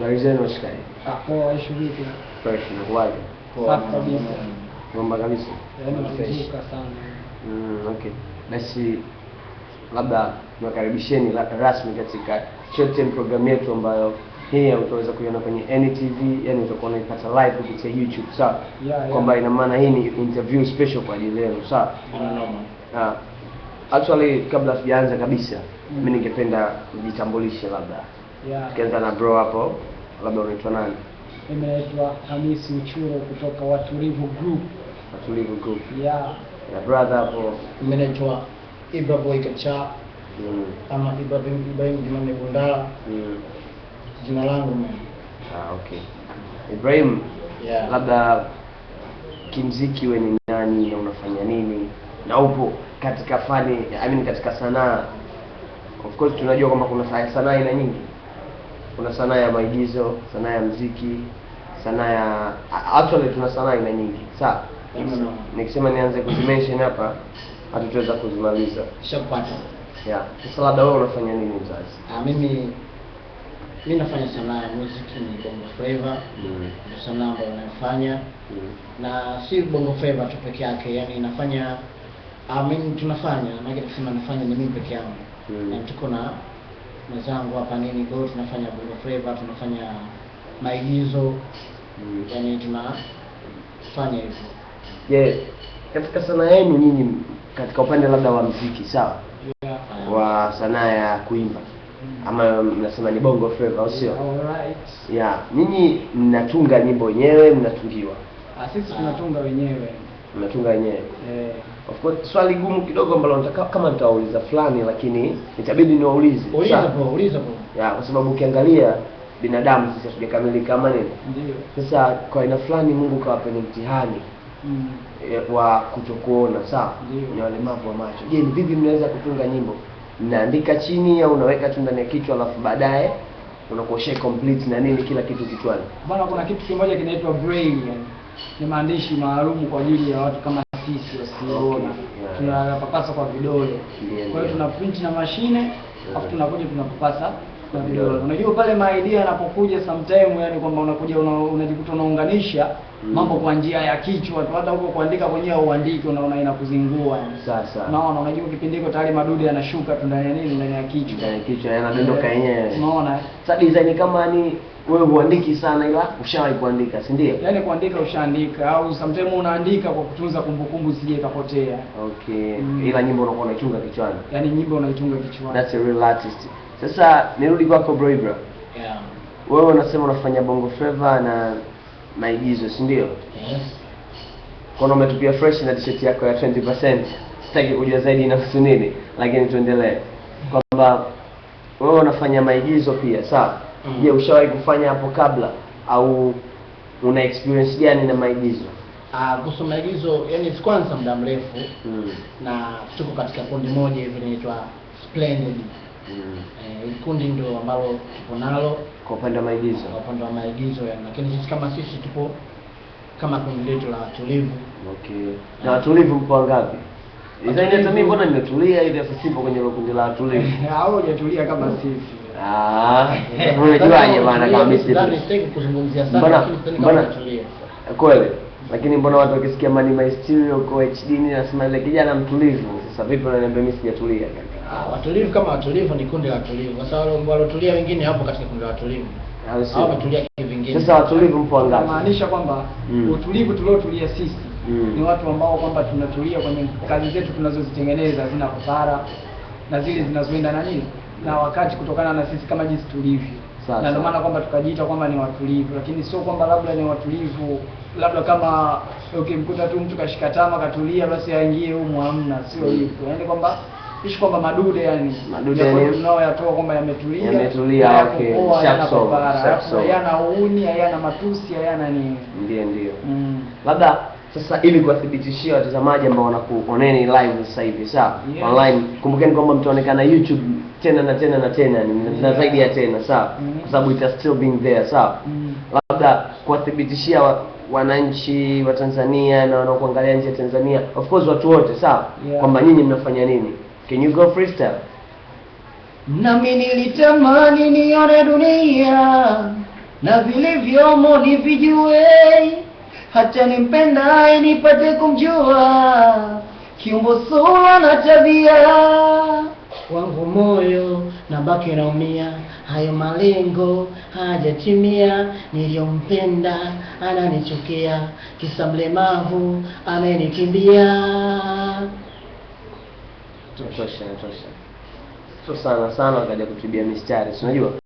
Malizia nashikari. Hapo waishi vipi? Fresh na kwaje? Safi kabisa. Ngomba kabisa. Yaani unazunguka sana. Mm, okay. Basi labda niwakaribisheni rasmi katika short program yetu ambayo hii utaweza kuiona kwenye NTV, yani utakuwa unaipata live kupitia YouTube, sawa? Yeah, yeah. Kwamba ina maana hii ni interview special kwa ajili yenu, sawa? Ah. Actually kabla sijaanza kabisa, mm. mimi ningependa mjitambulishe labda. Yeah. Tukianza na bro hapo, labda unaitwa nani? Mimi naitwa Hamisi Uchuro kutoka Watulivu Group. Watulivu Group. Yeah. Na brother hapo. Mimi naitwa Ibra Boy Kacha. Mm. Ama Ibra Ibrahim Jumane Bundala. Mm. Jina langu mimi. Ah, okay. Ibrahim. Yeah. Labda kimziki we ni nani na unafanya nini na upo katika fani I mean katika sanaa of course tunajua kwamba kuna sanaa aina nyingi kuna sanaa ya maigizo, sanaa ya mziki, sanaa ya actually tuna sanaa aina nyingi. Sa nikisema nianze kuzimention hapa hatutaweza kuzimaliza. Shapata. Yeah. Sasa labda wewe unafanya nini mzazi? Ah, mimi mimi nafanya sanaa ya muziki ni bongo flava mm. ndio sanaa ambayo nafanya. mm. na si bongo flava tu peke yake yani nafanya I mean, tunafanya na maana kusema nafanya ni mimi peke yangu mm. na tuko na mwenzangu hapa nini, kwa tunafanya bongo flavor, tunafanya maigizo mm. yani tunafanya hivyo. yeah. katika sanaa yenu nyinyi, katika upande labda wa mziki sawa, yeah. wa sanaa ya kuimba mm. ama mnasema ni bongo flavor au sio? Yeah, nyinyi mnatunga nyimbo wenyewe, mnatungiwa? Ah, sisi tunatunga wenyewe mnatunga wenyewe eh. Of course swali gumu kidogo ambalo nataka kama nitawauliza fulani, lakini itabidi niwaulize. Uliza bro, uliza bro. Ya, kwa sababu ukiangalia binadamu sisi hatujakamilika kama nini? Ndio. Sasa kwa aina fulani Mungu kawapa ni mtihani mm. E, wa kutokuona sawa, ni walemavu wa macho. Je, ni vipi mnaweza kutunga nyimbo? Mnaandika chini au unaweka tu ndani ya kichwa alafu baadaye unakuoshe complete na nini kila kitu kichwani? Bana, kuna kitu kimoja kinaitwa braille ni maandishi maalumu kwa ajili ya watu kama sisi wasioona, tunayapapasa kwa vidole. Kwa hiyo tuna print na mashine, afu tunakuja tunapapasa Unajua pale maidia anapokuja sometime, yani kwamba unakuja unajikuta una, unaunganisha mm. mambo kwa njia ya kichwa tu, hata huko kuandika kwenyewe uandike, unaona inakuzingua yani. Sasa unaona, unajua kipindi hiko tayari madudu yanashuka tu ndani ya nini, ndani ya kichwa, ndani ya kichwa yanadondoka eh, yenyewe. Unaona sasa design kama ni wewe huandiki sana, ila ushawahi kuandika, si ndio? Yani kuandika ushaandika, au sometimes unaandika kwa kutunza kumbukumbu zije kapotea. Okay mm. ila nyimbo unakuwa unachunga kichwani, yani nyimbo unaitunga kichwani, that's a real artist sasa nirudi kwako Broibra, yeah. Wewe unasema unafanya Bongo Flava na maigizo si ndio? Yes. Kona umetupia fresh na t-shirt yako ya 20%. Sitaki kujua zaidi inahusu nini, lakini tuendelee kwamba wewe unafanya maigizo pia sawa. Mm. Je, mm -hmm. ushawahi kufanya hapo kabla au una experience gani na maigizo? Ah, kuhusu uh, maigizo yani sikwanza muda mrefu mm. na tuko katika kundi moja hivi inaitwa Splendid mm. E, kundi ndio ambalo tupo nalo kwa upande wa maigizo, kwa upande wa maigizo ya, lakini sisi kama sisi tupo kama kundi letu la watulivu. Okay, na watulivu kwa ngapi? Sasa mimi mbona nimetulia hivi sasa sipo kwenye ile kundi la watulivu. Au hujatulia kama mm. sisi. Ah, unajuaje bana kama mimi sitaki kuzungumzia sana lakini mbona kweli lakini mbona watu wakisikia Mani Maestro kwa HD ni nasema ile kijana mtulivu. Sasa vipi unaniambia mimi sijatulia? Ah, watulivu kama watulivu ni kundi la watulivu. Kwa sababu walotulia wengine hapo katika kundi la watulivu. Hao watulia kivingine. Sasa watulivu mpo wangapi? Maanisha kwamba mm. utulivu tuliotulia sisi mm. ni watu ambao kwamba tunatulia kwenye kazi zetu tunazozitengeneza zina hasara na zile zinazoenda na nini na wakati kutokana na sisi kama jinsi tulivyo na ndio maana kwamba tukajiita kwamba ni watulivu, lakini sio kwamba labda ni watulivu labda kama ukimkuta okay, tu mtu kashika tama katulia basi aingie humu, hamna, sio mm. hivyo, yaani kwamba ishi kwamba madude yani tunaoyatoa kwamba yametulia yametulia okay hayana uuni hayana matusi hayana nini ndio ndiyo. mm. labda sasa ili kuwathibitishia watazamaji ambao wanakuoneni live sasa hivi sawa yeah. online kumbukeni kwamba mtaonekana youtube tena na tena na tena ni yeah. zaidi ya tena sawa mm. kwa sababu ita still being there sawa mm. labda kuwathibitishia wa, wananchi wa Tanzania na wanaokuangalia nje ya Tanzania of course watu wote sawa yeah. kwamba nyinyi mnafanya nini Can you go freestyle? Nami nilitamani nione dunia na vilivyomo nivijue, hata nimpendaye nipate kumjua, kiumbo sura na tabia. Wangu moyo nabaki naumia, hayo malengo hajatimia, niliyompenda ananichukia, kisa mlemavu anayenikimbia tosha tosha, so sana sana wakaja kutibia mistari, si unajua